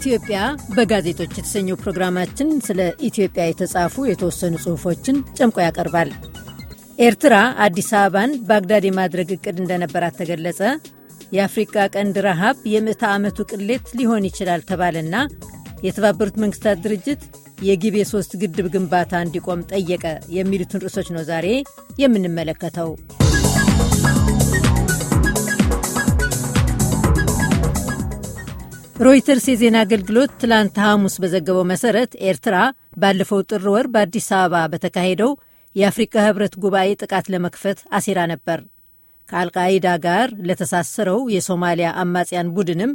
ኢትዮጵያ በጋዜጦች የተሰኘው ፕሮግራማችን ስለ ኢትዮጵያ የተጻፉ የተወሰኑ ጽሑፎችን ጨምቆ ያቀርባል። ኤርትራ አዲስ አበባን ባግዳድ የማድረግ እቅድ እንደነበራት ተገለጸ፣ የአፍሪቃ ቀንድ ረሃብ የምዕተ ዓመቱ ቅሌት ሊሆን ይችላል ተባለና የተባበሩት መንግስታት ድርጅት የጊቤ ሶስት ግድብ ግንባታ እንዲቆም ጠየቀ የሚሉትን ርዕሶች ነው ዛሬ የምንመለከተው። ሮይተርስ የዜና አገልግሎት ትላንት ሐሙስ በዘገበው መሰረት ኤርትራ ባለፈው ጥር ወር በአዲስ አበባ በተካሄደው የአፍሪካ ህብረት ጉባኤ ጥቃት ለመክፈት አሴራ ነበር። ከአልቃይዳ ጋር ለተሳሰረው የሶማሊያ አማጽያን ቡድንም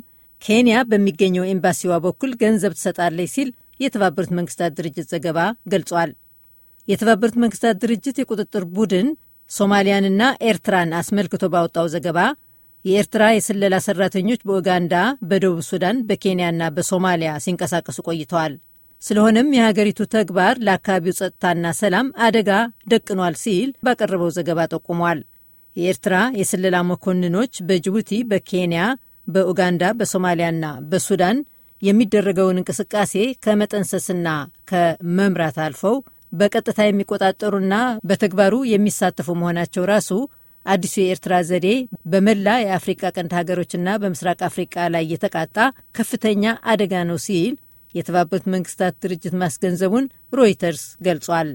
ኬንያ በሚገኘው ኤምባሲዋ በኩል ገንዘብ ትሰጣለች ሲል የተባበሩት መንግስታት ድርጅት ዘገባ ገልጿል። የተባበሩት መንግስታት ድርጅት የቁጥጥር ቡድን ሶማሊያንና ኤርትራን አስመልክቶ ባወጣው ዘገባ የኤርትራ የስለላ ሰራተኞች በኡጋንዳ፣ በደቡብ ሱዳን፣ በኬንያና በሶማሊያ ሲንቀሳቀሱ ቆይተዋል። ስለሆነም የሀገሪቱ ተግባር ለአካባቢው ጸጥታና ሰላም አደጋ ደቅኗል ሲል ባቀረበው ዘገባ ጠቁሟል። የኤርትራ የስለላ መኮንኖች በጅቡቲ፣ በኬንያ፣ በኡጋንዳ፣ በሶማሊያና በሱዳን የሚደረገውን እንቅስቃሴ ከመጠንሰስና ከመምራት አልፈው በቀጥታ የሚቆጣጠሩና በተግባሩ የሚሳተፉ መሆናቸው ራሱ አዲሱ የኤርትራ ዘዴ በመላ የአፍሪቃ ቀንድ ሀገሮችና በምስራቅ አፍሪቃ ላይ የተቃጣ ከፍተኛ አደጋ ነው ሲል የተባበሩት መንግስታት ድርጅት ማስገንዘቡን ሮይተርስ ገልጿል።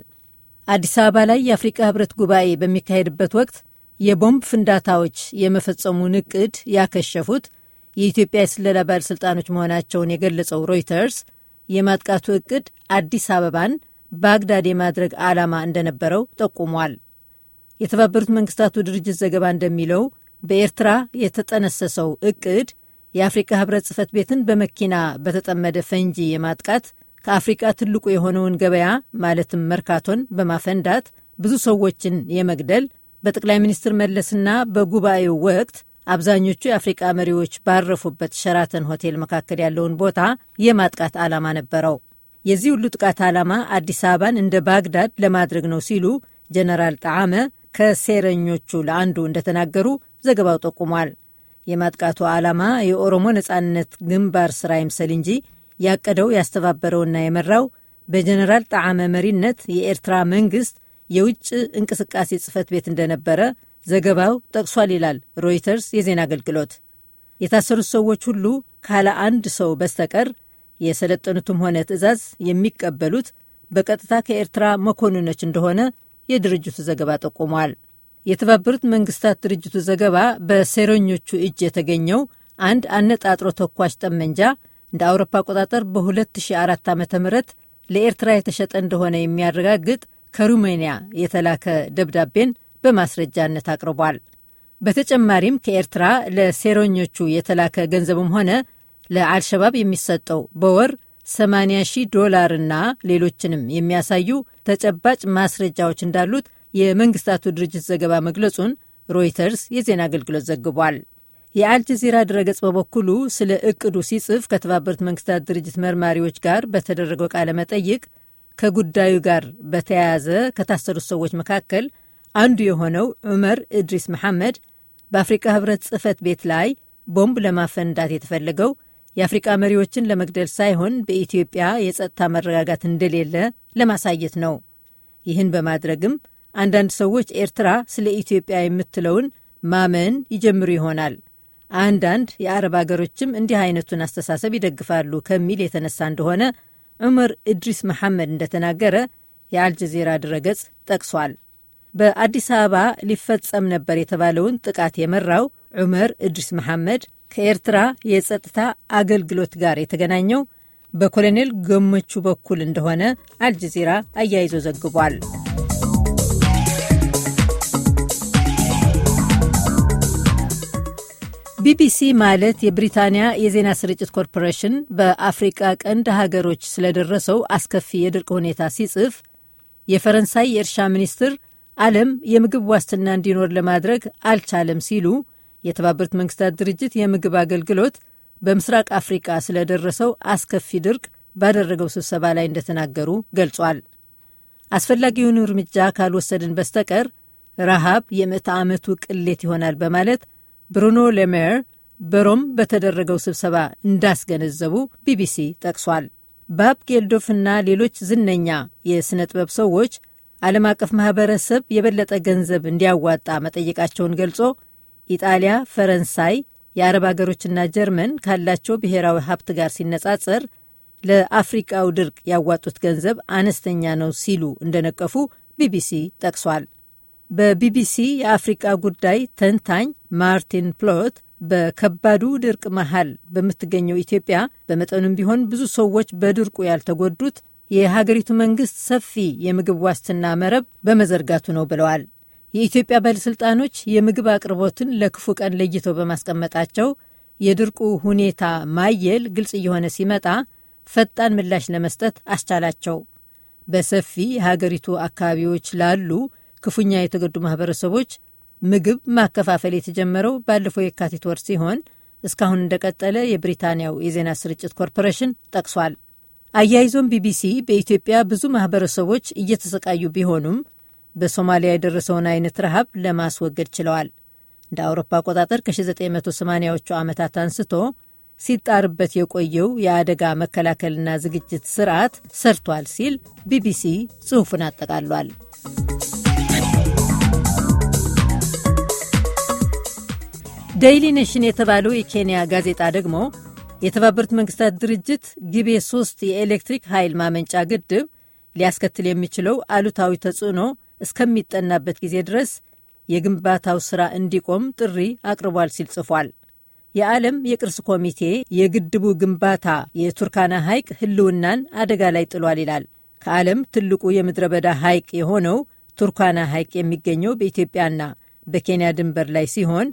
አዲስ አበባ ላይ የአፍሪቃ ህብረት ጉባኤ በሚካሄድበት ወቅት የቦምብ ፍንዳታዎች የመፈጸሙን እቅድ ያከሸፉት የኢትዮጵያ የስለላ ባለሥልጣኖች መሆናቸውን የገለጸው ሮይተርስ የማጥቃቱ እቅድ አዲስ አበባን ባግዳድ የማድረግ ዓላማ እንደነበረው ጠቁሟል። የተባበሩት መንግስታቱ ድርጅት ዘገባ እንደሚለው በኤርትራ የተጠነሰሰው እቅድ የአፍሪካ ህብረት ጽህፈት ቤትን በመኪና በተጠመደ ፈንጂ የማጥቃት ከአፍሪቃ ትልቁ የሆነውን ገበያ ማለትም መርካቶን በማፈንዳት ብዙ ሰዎችን የመግደል በጠቅላይ ሚኒስትር መለስና በጉባኤው ወቅት አብዛኞቹ የአፍሪቃ መሪዎች ባረፉበት ሸራተን ሆቴል መካከል ያለውን ቦታ የማጥቃት ዓላማ ነበረው። የዚህ ሁሉ ጥቃት ዓላማ አዲስ አበባን እንደ ባግዳድ ለማድረግ ነው ሲሉ ጀነራል ጣዓመ ከሴረኞቹ ለአንዱ እንደተናገሩ ዘገባው ጠቁሟል። የማጥቃቱ ዓላማ የኦሮሞ ነጻነት ግንባር ስራ ይምሰል እንጂ ያቀደው ያስተባበረውና የመራው በጀነራል ጣዕመ መሪነት የኤርትራ መንግስት የውጭ እንቅስቃሴ ጽህፈት ቤት እንደነበረ ዘገባው ጠቅሷል ይላል ሮይተርስ የዜና አገልግሎት። የታሰሩት ሰዎች ሁሉ ካለ አንድ ሰው በስተቀር የሰለጠኑትም ሆነ ትዕዛዝ የሚቀበሉት በቀጥታ ከኤርትራ መኮንኖች እንደሆነ የድርጅቱ ዘገባ ጠቁሟል። የተባበሩት መንግስታት ድርጅቱ ዘገባ በሴረኞቹ እጅ የተገኘው አንድ አነጣጥሮ ተኳሽ ጠመንጃ እንደ አውሮፓ አቆጣጠር በ2004 ዓ ም ለኤርትራ የተሸጠ እንደሆነ የሚያረጋግጥ ከሩሜኒያ የተላከ ደብዳቤን በማስረጃነት አቅርቧል። በተጨማሪም ከኤርትራ ለሴረኞቹ የተላከ ገንዘብም ሆነ ለአልሸባብ የሚሰጠው በወር 80 ሺህ ዶላርና ሌሎችንም የሚያሳዩ ተጨባጭ ማስረጃዎች እንዳሉት የመንግስታቱ ድርጅት ዘገባ መግለጹን ሮይተርስ የዜና አገልግሎት ዘግቧል። የአልጀዚራ ድረገጽ በበኩሉ ስለ እቅዱ ሲጽፍ ከተባበሩት መንግስታት ድርጅት መርማሪዎች ጋር በተደረገው ቃለ መጠይቅ ከጉዳዩ ጋር በተያያዘ ከታሰሩት ሰዎች መካከል አንዱ የሆነው ዑመር እድሪስ መሐመድ በአፍሪካ ህብረት ጽህፈት ቤት ላይ ቦምብ ለማፈንዳት የተፈለገው የአፍሪቃ መሪዎችን ለመግደል ሳይሆን በኢትዮጵያ የጸጥታ መረጋጋት እንደሌለ ለማሳየት ነው። ይህን በማድረግም አንዳንድ ሰዎች ኤርትራ ስለ ኢትዮጵያ የምትለውን ማመን ይጀምሩ ይሆናል። አንዳንድ የአረብ አገሮችም እንዲህ አይነቱን አስተሳሰብ ይደግፋሉ ከሚል የተነሳ እንደሆነ ዑመር እድሪስ መሐመድ እንደተናገረ የአልጀዚራ ድረገጽ ጠቅሷል። በአዲስ አበባ ሊፈጸም ነበር የተባለውን ጥቃት የመራው ዑመር እድሪስ መሐመድ ከኤርትራ የጸጥታ አገልግሎት ጋር የተገናኘው በኮሎኔል ገመቹ በኩል እንደሆነ አልጀዚራ አያይዞ ዘግቧል። ቢቢሲ ማለት የብሪታንያ የዜና ስርጭት ኮርፖሬሽን በአፍሪቃ ቀንድ ሀገሮች ስለደረሰው አስከፊ የድርቅ ሁኔታ ሲጽፍ የፈረንሳይ የእርሻ ሚኒስትር ዓለም የምግብ ዋስትና እንዲኖር ለማድረግ አልቻለም ሲሉ የተባበሩት መንግስታት ድርጅት የምግብ አገልግሎት በምስራቅ አፍሪቃ ስለደረሰው አስከፊ ድርቅ ባደረገው ስብሰባ ላይ እንደተናገሩ ገልጿል። አስፈላጊውን እርምጃ ካልወሰድን በስተቀር ረሃብ የምዕተ ዓመቱ ቅሌት ይሆናል በማለት ብሩኖ ሌሜር በሮም በተደረገው ስብሰባ እንዳስገነዘቡ ቢቢሲ ጠቅሷል። ባብ ጌልዶፍና ሌሎች ዝነኛ የሥነ ጥበብ ሰዎች ዓለም አቀፍ ማኅበረሰብ የበለጠ ገንዘብ እንዲያዋጣ መጠየቃቸውን ገልጾ ኢጣሊያ፣ ፈረንሳይ፣ የአረብ አገሮችና ጀርመን ካላቸው ብሔራዊ ሀብት ጋር ሲነጻጸር ለአፍሪቃው ድርቅ ያዋጡት ገንዘብ አነስተኛ ነው ሲሉ እንደነቀፉ ቢቢሲ ጠቅሷል። በቢቢሲ የአፍሪቃ ጉዳይ ተንታኝ ማርቲን ፕሎት በከባዱ ድርቅ መሃል በምትገኘው ኢትዮጵያ በመጠኑም ቢሆን ብዙ ሰዎች በድርቁ ያልተጎዱት የሀገሪቱ መንግስት ሰፊ የምግብ ዋስትና መረብ በመዘርጋቱ ነው ብለዋል። የኢትዮጵያ ባለሥልጣኖች የምግብ አቅርቦትን ለክፉ ቀን ለይተው በማስቀመጣቸው የድርቁ ሁኔታ ማየል ግልጽ እየሆነ ሲመጣ ፈጣን ምላሽ ለመስጠት አስቻላቸው። በሰፊ የሀገሪቱ አካባቢዎች ላሉ ክፉኛ የተጎዱ ማህበረሰቦች ምግብ ማከፋፈል የተጀመረው ባለፈው የካቲት ወር ሲሆን እስካሁን እንደቀጠለ የብሪታንያው የዜና ስርጭት ኮርፖሬሽን ጠቅሷል። አያይዞም ቢቢሲ በኢትዮጵያ ብዙ ማህበረሰቦች እየተሰቃዩ ቢሆኑም በሶማሊያ የደረሰውን አይነት ረሃብ ለማስወገድ ችለዋል። እንደ አውሮፓ አቆጣጠር ከ1980ዎቹ ዓመታት አንስቶ ሲጣርበት የቆየው የአደጋ መከላከልና ዝግጅት ስርዓት ሰርቷል ሲል ቢቢሲ ጽሑፉን አጠቃሏል። ዴይሊ ኔሽን የተባለው የኬንያ ጋዜጣ ደግሞ የተባበሩት መንግስታት ድርጅት ግቤ ሶስት የኤሌክትሪክ ኃይል ማመንጫ ግድብ ሊያስከትል የሚችለው አሉታዊ ተጽዕኖ እስከሚጠናበት ጊዜ ድረስ የግንባታው ሥራ እንዲቆም ጥሪ አቅርቧል ሲል ጽፏል። የዓለም የቅርስ ኮሚቴ የግድቡ ግንባታ የቱርካና ሐይቅ ህልውናን አደጋ ላይ ጥሏል ይላል። ከዓለም ትልቁ የምድረ በዳ ሐይቅ የሆነው ቱርካና ሐይቅ የሚገኘው በኢትዮጵያና በኬንያ ድንበር ላይ ሲሆን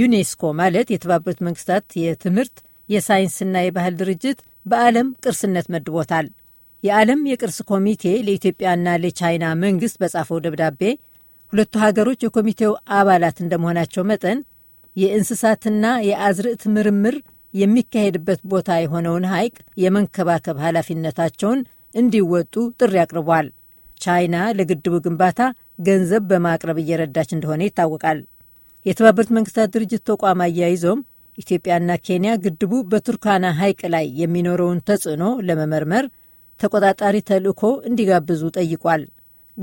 ዩኔስኮ ማለት የተባበሩት መንግስታት የትምህርት የሳይንስና የባህል ድርጅት በዓለም ቅርስነት መድቦታል። የዓለም የቅርስ ኮሚቴ ለኢትዮጵያና ለቻይና መንግሥት በጻፈው ደብዳቤ ሁለቱ ሀገሮች የኮሚቴው አባላት እንደመሆናቸው መጠን የእንስሳትና የአዝርዕት ምርምር የሚካሄድበት ቦታ የሆነውን ሐይቅ የመንከባከብ ኃላፊነታቸውን እንዲወጡ ጥሪ አቅርቧል። ቻይና ለግድቡ ግንባታ ገንዘብ በማቅረብ እየረዳች እንደሆነ ይታወቃል። የተባበሩት መንግስታት ድርጅት ተቋም አያይዞም ኢትዮጵያና ኬንያ ግድቡ በቱርካና ሐይቅ ላይ የሚኖረውን ተጽዕኖ ለመመርመር ተቆጣጣሪ ተልእኮ እንዲጋብዙ ጠይቋል።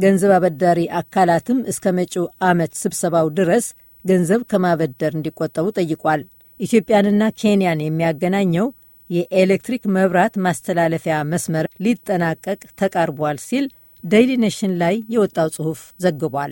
ገንዘብ አበዳሪ አካላትም እስከ መጪው ዓመት ስብሰባው ድረስ ገንዘብ ከማበደር እንዲቆጠቡ ጠይቋል። ኢትዮጵያንና ኬንያን የሚያገናኘው የኤሌክትሪክ መብራት ማስተላለፊያ መስመር ሊጠናቀቅ ተቃርቧል ሲል ዴይሊ ኔሽን ላይ የወጣው ጽሑፍ ዘግቧል።